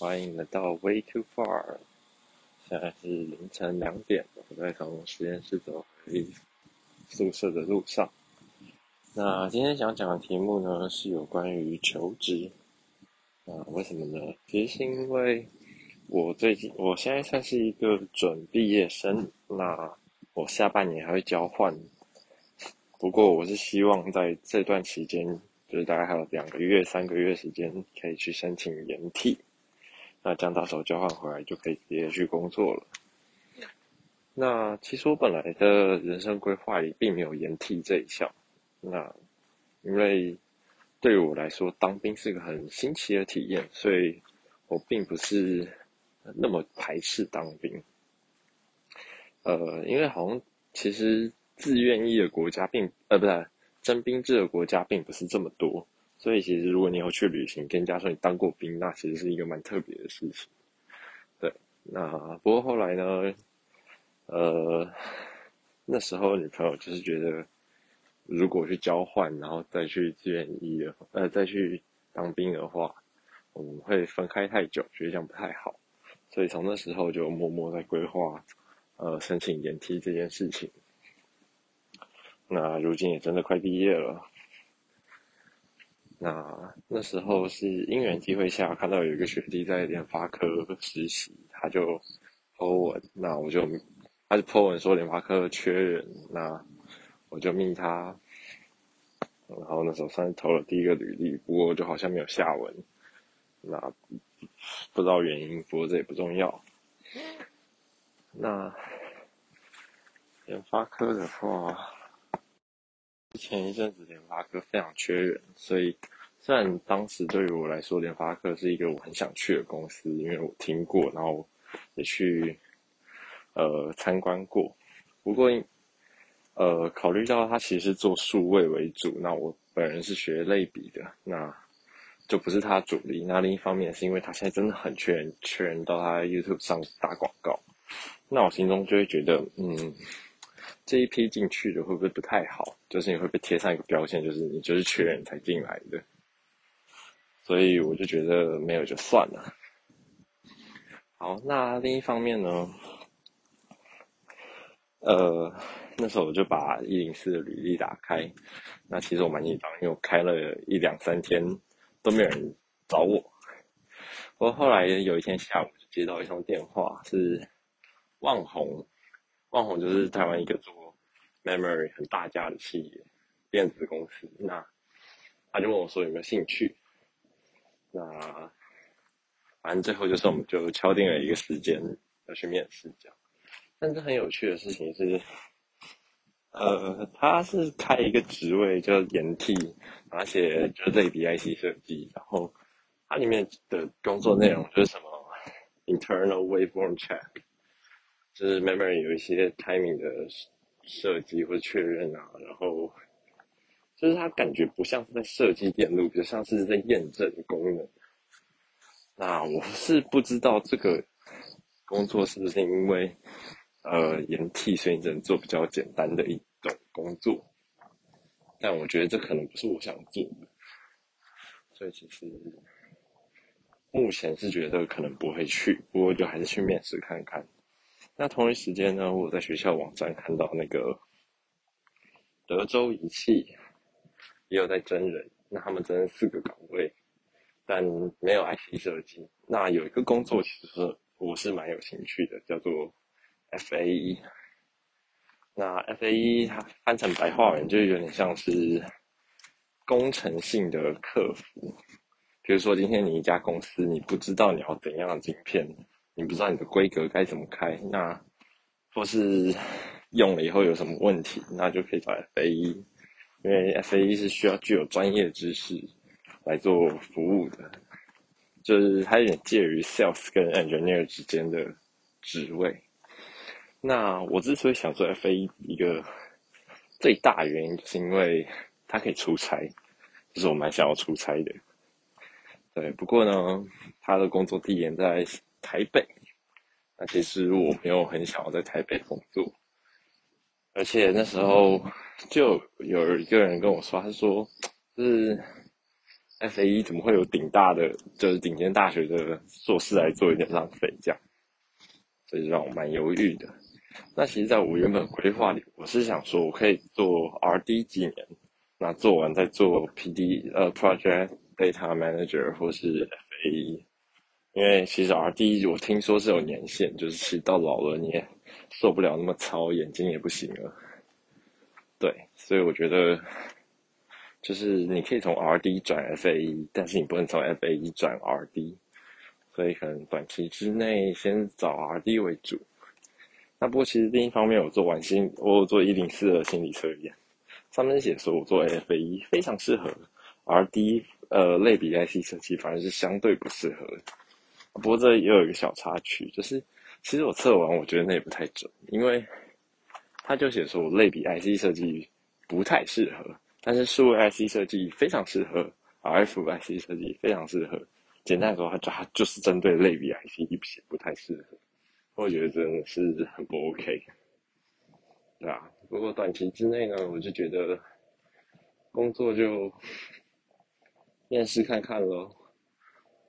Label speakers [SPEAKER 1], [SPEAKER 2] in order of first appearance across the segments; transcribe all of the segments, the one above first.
[SPEAKER 1] 歡迎來到 Way Too Far。現在是凌晨兩點，我在從實驗室走回宿舍的路上。那今天想講的題目呢，是有關於求職。啊，為什麼呢？其實是因為我最近，我現在算是一個準畢業生。那我下半年還會交換，不過我是希望在這段時間，就是大概還有兩個月、三個月時間，可以去申請研替。.那這樣到時候交換回來，就可以直接去工作了。那其實我本來的人生規劃裡並沒有研替這一項。那因為對於我來說，當兵是個很新奇的體驗，所以我並不是那麼排斥當兵。呃，因為好像其實自願役的國家並呃，不是，徵兵制的國家並不是這麼多。所以其實，如果你以後去旅行，跟人家說你當過兵，那其實是一個蠻特別的事情。對，那不過後來呢，呃，那時候女朋友就是覺得，如果去交換，然後再去志願役，呃，再去當兵的話，我們會分開太久，覺得這樣不太好。所以從那時候就默默在規劃，呃，申請延期這件事情。那如今也真的快畢業了。那那時候是因緣機會下看到有一個學弟在聯發科實習，他就 po 文，那我就他就 po 文說聯發科缺人，那我就命他，然後那時候算是投了第一個履歷，不過我就好像沒有下文，那不知道原因，不過這也不重要。那聯發科的話。前一陣子，聯發科非常缺人，所以雖然當時對於我來說，聯發科是一個我很想去的公司，因為我聽過，然後也去呃參觀過。不過，呃，考慮到它其實是做數位為主，那我本人是學類比的，那就不是它的主力。那另一方面，是因為它現在真的很缺人，缺人到它 YouTube 上打廣告。那我心中就會覺得，嗯。這一批進去的會不會不太好？就是你會被貼上一個標籤，就是你就是缺人才進來的，所以我就覺得沒有就算了。好，那另一方面呢，呃，那時候我就把一零四的履歷打開，那其實我蠻緊張，因為我開了一兩三天都沒有人找我。我後來有一天下午接到一通電話，是旺宏。旺宏就是台灣一個做 memory 很大家的企業電子公司，那他就問我說有沒有興趣，那反正最後就是我們就敲定了一個時間要去面試這樣。但是很有趣的事情是，呃，他是開一個職位叫就研替，而且就是做類比 IC 設計，然後它裡面的工作內容就是什麼、mm hmm. internal waveform check。就是 memory 有一些 timing 的設計或者確認啊，然後就是它感覺不像是在設計電路，就像是在驗證功能。那我是不知道這個工作是不是因為呃研替，所以只能做比較簡單的一種工作。但我覺得這可能不是我想做的，所以其實目前是覺得可能不會去，不過就還是去面試看看。那同一時間呢，我在學校網站看到那個德州儀器也有在徵人。那他們徵四個崗位，但沒有 IC 設計。那有一個工作其實我是蠻有興趣的，叫做 FAE。那 FAE 它翻成白話文就有點像是工程性的客服。比如說今天你一家公司，你不知道你要怎樣的晶片。你不知道你的規格該怎麼開，那或是用了以後有什麼問題，那就可以找 FAE，因為 FAE 是需要具有專業知識來做服務的，就是它，有點介於 sales 跟 engineer 之間的職位。那我之所以想做 FAE 一個最大原因，就是因為它可以出差，就是我蠻想要出差的。對，不過呢，他的工作地點在台北，那其實我沒有很想要在台北工作，而且那時候就有一個人跟我說，他說，就是 F A E 怎麼會有頂大的，就是頂尖大學的碩士來做一點浪費這樣，所以讓我蠻猶豫的。那其實，在我原本規劃裡，我是想說我可以做 R D 幾年，那做完再做 P D 呃 Project Data Manager 或是 F A E。因為其實 R D 我聽說是有年限，就是其實到老了你也受不了那麼操，眼睛也不行了。對，所以我覺得就是你可以從 R D 轉 F A E，但是你不能從 F A E 轉 R D。所以可能短期之內先找 R D 為主。那不過其實另一方面我，我做完心，我有做一零四的心理測驗，上面寫說我做 F A E 非常適合 R D，呃，類比 I C 設計反而是相對不適合。不過這也有一個小插曲，就是其實我測完，我覺得那也不太準，因為他就寫說我類比 IC 設計不太適合，但是數位 IC 設計非常適合，RFIC 設計非常適合。簡單來說，他抓，就是針對類比 IC 也不太適合，我覺得真的是很不 OK。對啊，不過短期之內呢，我就覺得工作就面試看看嘍。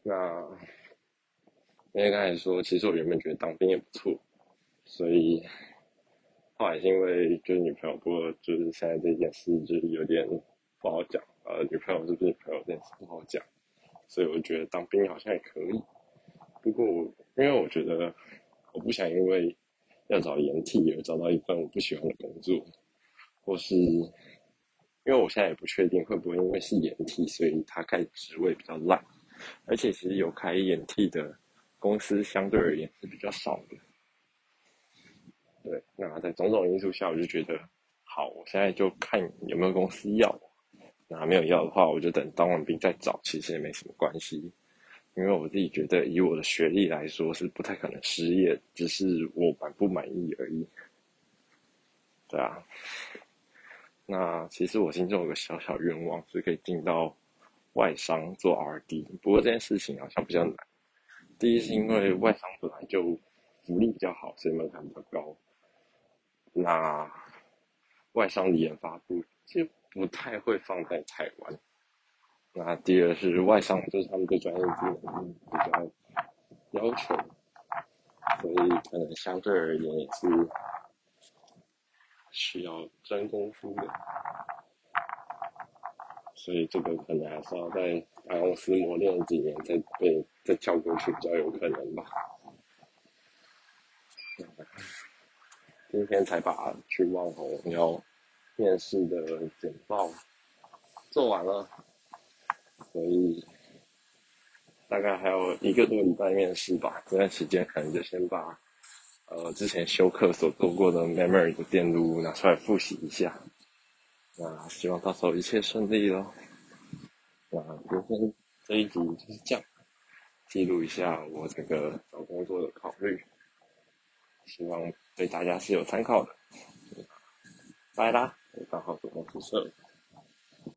[SPEAKER 1] 那。因為剛才說，其實我原本覺得當兵也不錯，所以，後來是因為就是女朋友，不過就是現在這件事就是有點不好講。呃，女朋友是不是女朋友這件事不好講，所以我覺得當兵好像也可以。不過，因為我覺得我不想因為要找研替而找到一份我不喜歡的工作，或是因為我現在也不確定會不會因為是研替，所以他開職位比較爛，而且其實有開研替的。公司相對而言是比較少的，對。那在種種因素下，我就覺得好。我現在就看有沒有公司要，那沒有要的話，我就等當完兵再找。其實也沒什麼關係，因為我自己覺得以我的學歷來說是不太可能失業，只是我蠻不滿意而已。對啊，那其實我心中有個小小願望，就是可以進到外商做 RD，不過這件事情好像比較難。第一是因為外商本來就福利比較好，所以門檻比較高。那外商的研發部其實不太會放在台灣。那第二是外商就是他們對專業技能比較要求，所以可能相對而言也是需要真功夫的。所以這個可能還是要在大公司磨練的幾年，再被再跳過去比較有可能吧。今天才把去旺宏面試的簡報做完了，所以大概還有一個多禮拜面試吧。這段時間可能就先把呃之前修課所做過的 memory 的電路拿出來復習一下。那、啊、希望到時候一切順利咯那今天這一集就是這樣，記錄一下我這個找工作的考慮，希望對大家是有參考的。拜啦，我剛好準備宿舍了。